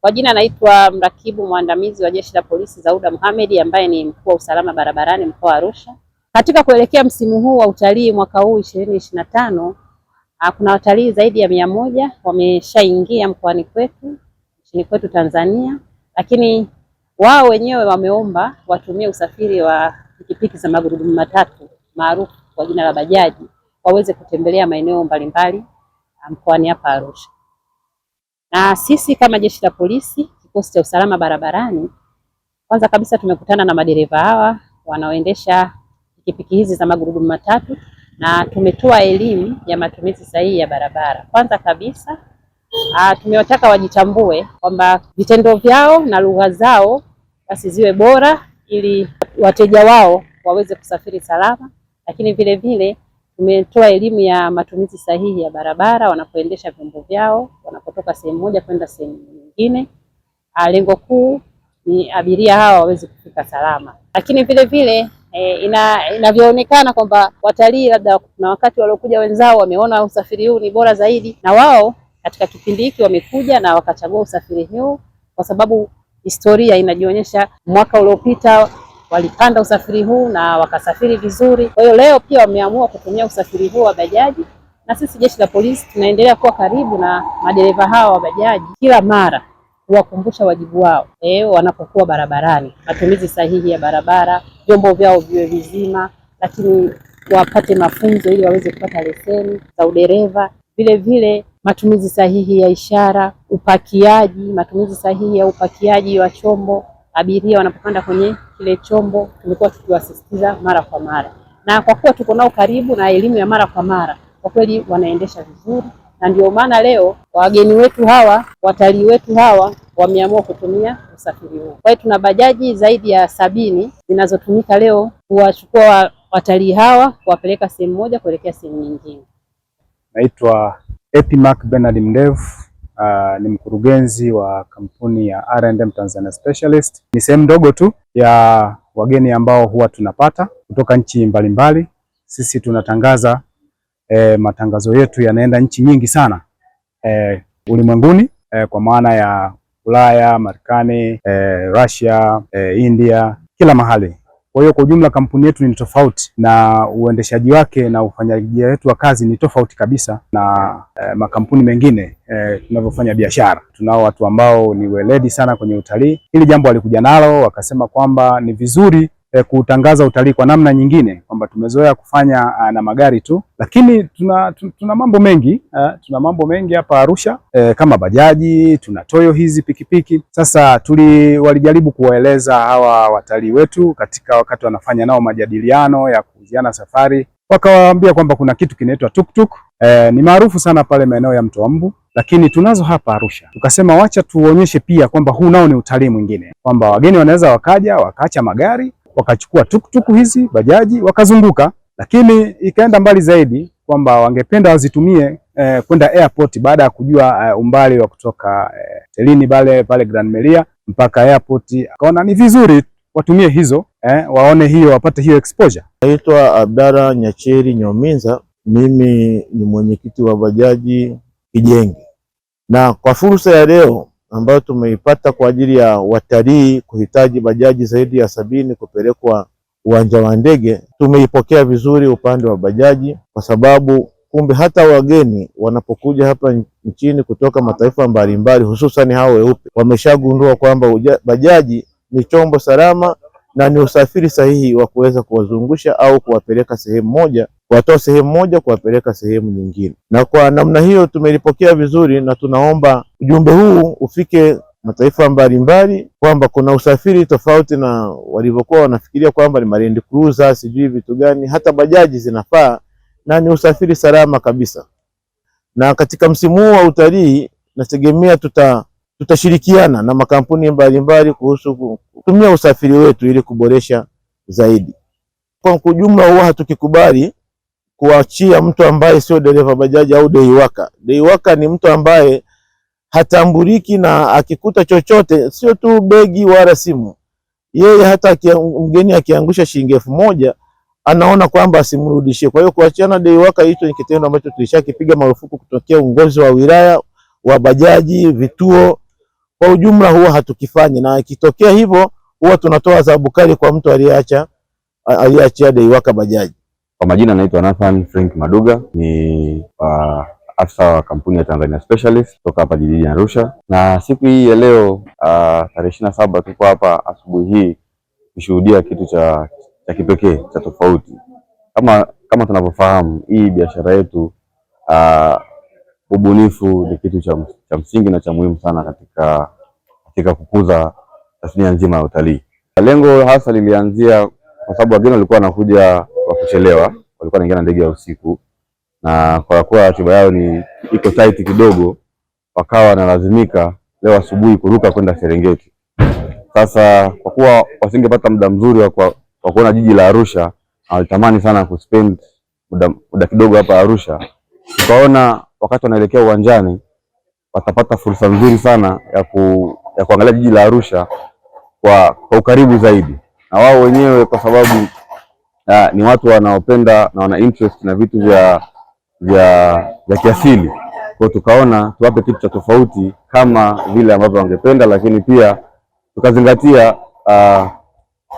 Kwa jina naitwa mrakibu mwandamizi wa Jeshi la Polisi Zauda Mohamed ambaye ni mkuu wa usalama barabarani mkoa wa Arusha. Katika kuelekea msimu huu wa utalii mwaka huu ishirini ishirini na tano ah, kuna watalii zaidi ya mia moja wameshaingia mkoani kwetu nchini kwetu Tanzania, lakini wao wenyewe wameomba watumie usafiri wa pikipiki za magurudumu matatu maarufu kwa jina la bajaji waweze kutembelea maeneo mbalimbali ah, mkoani hapa Arusha. Na sisi kama jeshi la polisi, kikosi cha usalama barabarani, kwanza kabisa tumekutana na madereva hawa wanaoendesha pikipiki hizi za magurudumu matatu na tumetoa elimu ya matumizi sahihi ya barabara. Kwanza kabisa a, ah, tumewataka wajitambue kwamba vitendo vyao na lugha zao basi ziwe bora ili wateja wao waweze kusafiri salama, lakini vile vile Tumetoa elimu ya matumizi sahihi ya barabara wanapoendesha vyombo vyao, wanapotoka sehemu moja kwenda sehemu nyingine. Ah, lengo kuu ni abiria hawa waweze kufika salama, lakini vile vile e, ina inavyoonekana kwamba watalii labda kuna wakati waliokuja wenzao wameona usafiri huu ni bora zaidi, na wao katika kipindi hiki wamekuja na wakachagua usafiri huu kwa sababu historia inajionyesha mwaka uliopita walipanda usafiri huu na wakasafiri vizuri. Kwa hiyo leo pia wameamua kutumia usafiri huu wa bajaji, na sisi jeshi la polisi tunaendelea kuwa karibu na madereva hawa wa bajaji kila mara kuwakumbusha wajibu wao e, wanapokuwa barabarani, matumizi sahihi ya barabara, vyombo vyao viwe vizima, lakini wapate mafunzo ili waweze kupata leseni za udereva, vile vile matumizi sahihi ya ishara, upakiaji, matumizi sahihi ya upakiaji wa chombo abiria wanapopanda kwenye kile chombo, tumekuwa tukiwasisitiza mara kwa mara, na kwa kuwa tuko nao karibu na elimu ya mara kwa mara, kwa kweli wanaendesha vizuri, na ndio maana leo wageni wetu hawa, watalii wetu hawa wameamua kutumia usafiri huu. Kwa hiyo tuna bajaji zaidi ya sabini zinazotumika leo kuwachukua watalii hawa kuwapeleka sehemu moja kuelekea sehemu nyingine. Naitwa Epimack Bernard Mdevu, Uh, ni mkurugenzi wa kampuni ya R&M Tanzania Specialist. Ni sehemu ndogo tu ya wageni ambao huwa tunapata kutoka nchi mbalimbali mbali. Sisi tunatangaza eh, matangazo yetu yanaenda nchi nyingi sana eh, ulimwenguni eh, kwa maana ya Ulaya, Marekani, eh, Russia, eh, India, kila mahali. Kwa hiyo kwa ujumla kampuni yetu ni tofauti na uendeshaji wake na ufanyaji wetu wa kazi ni tofauti kabisa na eh, makampuni mengine eh, tunavyofanya biashara. Tunao watu ambao ni weledi sana kwenye utalii. Hili jambo walikuja nalo wakasema kwamba ni vizuri e, kutangaza utalii kwa namna nyingine, kwamba tumezoea kufanya a, eh, na magari tu, lakini tuna, tuna, tuna mambo mengi a, eh, tuna mambo mengi hapa Arusha e, kama bajaji tuna toyo hizi pikipiki. Sasa tuli walijaribu kuwaeleza hawa watalii wetu katika wakati wanafanya nao majadiliano ya kuuziana safari, wakawaambia kwamba kuna kitu kinaitwa tuktuk e, ni maarufu sana pale maeneo ya Mto wa Mbu lakini tunazo hapa Arusha. Tukasema wacha tuonyeshe pia kwamba huu nao ni utalii mwingine, kwamba wageni wanaweza wakaja wakaacha magari wakachukua tukutuku hizi bajaji wakazunguka, lakini ikaenda mbali zaidi kwamba wangependa wazitumie eh, kwenda airport baada ya kujua eh, umbali wa kutoka eh, telini pale pale Grand Melia mpaka airport, akaona ni vizuri watumie hizo eh, waone hiyo wapate hiyo exposure. Naitwa Abdara Nyacheri Nyominza, mimi ni mwenyekiti wa bajaji Kijenge, na kwa fursa ya leo ambayo tumeipata kwa ajili ya watalii kuhitaji bajaji zaidi ya sabini kupelekwa uwanja wa ndege, tumeipokea vizuri upande wa bajaji, kwa sababu kumbe hata wageni wanapokuja hapa nchini kutoka mataifa mbalimbali, hususani hao weupe, wameshagundua kwamba bajaji ni chombo salama na ni usafiri sahihi wa kuweza kuwazungusha au kuwapeleka sehemu moja kuwatoa sehemu moja kuwapeleka sehemu nyingine, na kwa namna hiyo tumelipokea vizuri, na tunaomba ujumbe huu ufike mataifa mbalimbali, kwamba kuna usafiri tofauti na walivyokuwa wanafikiria kwamba ni Land Cruiser sijui vitu gani, hata bajaji zinafaa na ni usafiri salama kabisa. Na katika msimu huu wa utalii nategemea tuta tutashirikiana na makampuni mbalimbali kuhusu kutumia usafiri wetu ili kuboresha zaidi. Kwa ujumla, huwa hatukikubali kuachia mtu ambaye sio dereva bajaji au deiwaka. Deiwaka ni mtu ambaye hatambuliki na akikuta chochote, sio tu begi wala simu, yeye hata kia, mgeni akiangusha shilingi elfu moja anaona kwamba asimrudishie. Kwa hiyo kuachiana deiwaka, hicho ni kitendo ambacho tulishakipiga marufuku kutokea uongozi wa wilaya wa bajaji, vituo kwa ujumla, huwa hatukifanyi, na ikitokea hivyo huwa tunatoa adhabu kali kwa mtu aliyeacha aliyeachia deiwaka bajaji. Kwa majina naitwa Nathan Frank Maduga, ni uh, afisa wa kampuni ya Tanzania Specialist kutoka hapa jijini Arusha, na siku hii ya leo ah, tarehe ishirini na saba tuko hapa asubuhi hii kushuhudia kitu cha, cha kipekee cha tofauti. Kama, kama tunavyofahamu hii biashara yetu uh, ubunifu ni kitu cha, cha msingi na cha muhimu sana katika, katika kukuza tasnia nzima ya utalii. Lengo hasa lilianzia kwa sababu wageni walikuwa wanakuja wa kuchelewa, walikuwa wanaingia na ndege ya usiku, na kwa kuwa ratiba yao ni iko tight kidogo, wakawa wanalazimika leo asubuhi kuruka kwenda Serengeti. Sasa kwa kuwa wasingepata muda mzuri wa kwa kuona jiji la Arusha, walitamani sana kuspend muda, muda kidogo hapa Arusha, tukaona wakati wanaelekea uwanjani watapata fursa nzuri sana ya, ku, ya kuangalia jiji la Arusha kwa, kwa ukaribu zaidi na wao wenyewe kwa sababu uh, ni watu wanaopenda na wana interest na vitu vya, vya, vya kiasili kwa tukaona tuwape kitu cha tofauti kama vile ambavyo wangependa, lakini pia tukazingatia uh,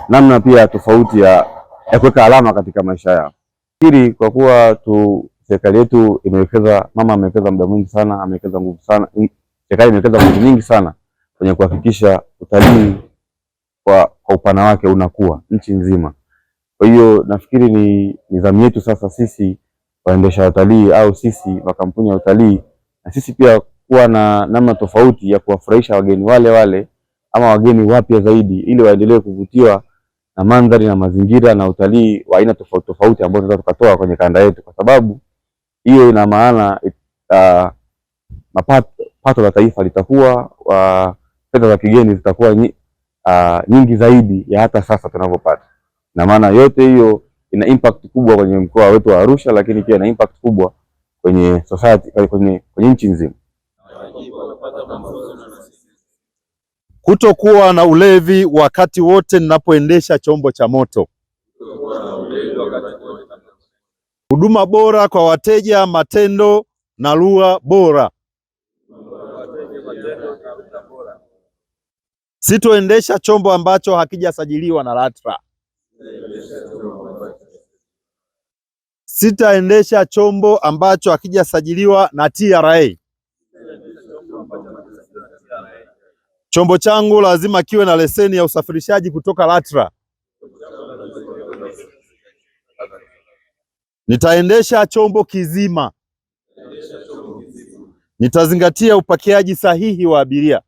namna pia tofauti ya, ya kuweka alama katika maisha yao. Fikiri kwa kuwa tu serikali yetu imewekeza, mama amewekeza muda mwingi sana, amewekeza nguvu sana, serikali imewekeza nguvu nyingi sana kwenye kuhakikisha utalii kwa upana wake unakuwa nchi nzima. Kwa hiyo nafikiri ni nidhamu yetu sasa sisi waendesha watalii au sisi makampuni ya utalii, na sisi pia kuwa na namna tofauti ya kuwafurahisha wageni wale wale ama wageni wapya zaidi, ili waendelee kuvutiwa na mandhari na mazingira na utalii wa aina tofauti tofauti ambao tunaweza tukatoa kwenye kanda yetu, kwa sababu hiyo ina maana uh, mapato pato la taifa litakuwa, ah, fedha za kigeni zitakuwa uh, nyingi zaidi ya hata sasa tunavyopata na maana yote hiyo ina impact kubwa kwenye mkoa wetu wa Arusha, lakini pia ina impact kubwa kwenye society, kwenye, kwenye nchi nzima. Kutokuwa na ulevi wakati wote ninapoendesha chombo cha moto. Huduma bora kwa wateja, matendo na lugha bora. Sitoendesha chombo ambacho hakijasajiliwa na LATRA. Sitaendesha chombo ambacho hakijasajiliwa na TRA. Chombo changu lazima kiwe na leseni ya usafirishaji kutoka LATRA. Nitaendesha chombo kizima. Nitazingatia upakiaji sahihi wa abiria.